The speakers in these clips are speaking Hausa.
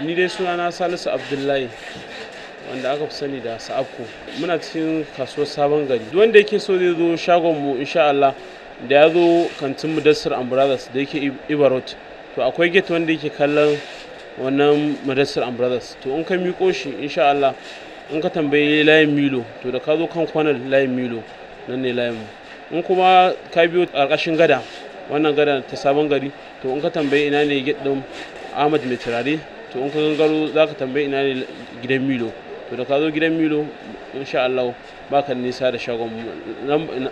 ni dai sunana salisu abdullahi wanda aka fi sani da sa'afko muna cikin kasuwar sabon gari wanda yake so zai zo shagon mu insha Allah da ya zo kantin mu dasar ambrothers da yake ibarot to akwai get wanda yake kallon wannan madassar ambrothers to in ka miƙo shi insha Allah in ka tambaye layin milo to da ka zo kan kwanar layin milo nan ne layin mu in kuma ka biyo ƙarƙashin gada wannan gada ta sabon gari to in ka tambayi ina ne get din Ahmad Mai Turare to in ka gangaro za ka tambayi ina ne gidan milo to da ka zo gidan milo insha Allah ba ka nisa da shagon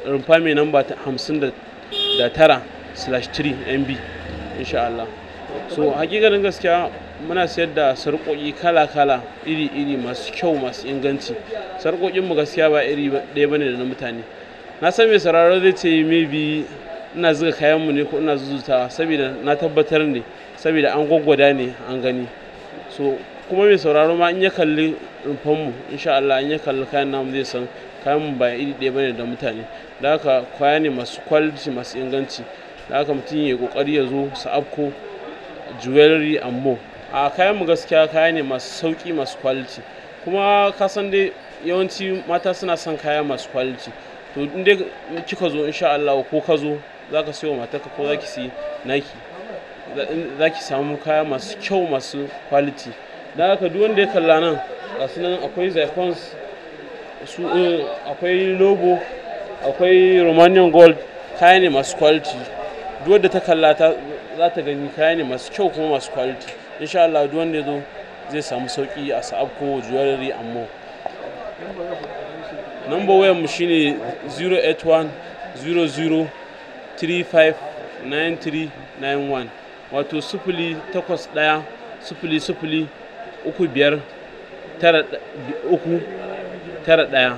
rumfa mai namba hamsin da tara slash 3 mb insha Allah so hakikanin gaskiya muna sayar da sarƙoƙi kala-kala iri-iri masu kyau masu inganci sarƙoƙin mu gaskiya ba iri ɗaya bane da na mutane na san mai sauraro zai ce maybe ina zuga kayan mu ne ko ina zuzutawa saboda na tabbatar ne saboda an gwaggwada ne an gani so kuma mai sauraro ma in ya kalli rumfanmu insha Allah in ya kalli kayan namu zai san kayan mu ba iri ɗaya bane da mutane da haka kwaya ne masu kwaliti masu inganci da haka mutum ya kokari ya zo afko jewelry and more a kayan mu gaskiya kaya ne masu sauki masu kwaliti kuma ka san dai yawanci mata suna son kaya masu kwaliti to in kika zo insha Allah ko ka zo za ka sayo matarka ko za ki siyi naki za ki samu kaya masu kyau masu quality da haka duk wanda ya kalla nan gasu nan akwai zyphons su eh, akwai lobo akwai romanian gold kaya ne masu quality duk wanda ta kalla za ta gani kaya ne masu kyau kuma masu quality insha Allah duk wanda ya zo zai samu sauki a ko jewelry amma number wayan mu shine 081 00 35 9391 wato sufuli takwas ɗaya sufuli sufuli uku biyar tara uku tara ɗaya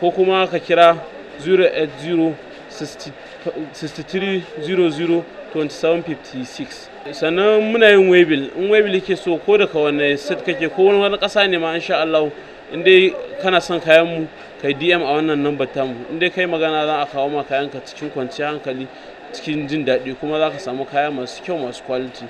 ko kuma ka kira 08063002756 sannan muna yin webil in webil ke so ko daga wani set kake ko wani ƙasa ne ma insha Allah inda kana son kayan mu kai dm a wannan number tamu inda kai magana za a kawo ma kayanka cikin kwanciyar hankali cikin jin daɗi kuma za ka samu kaya masu kyau masu kwaliti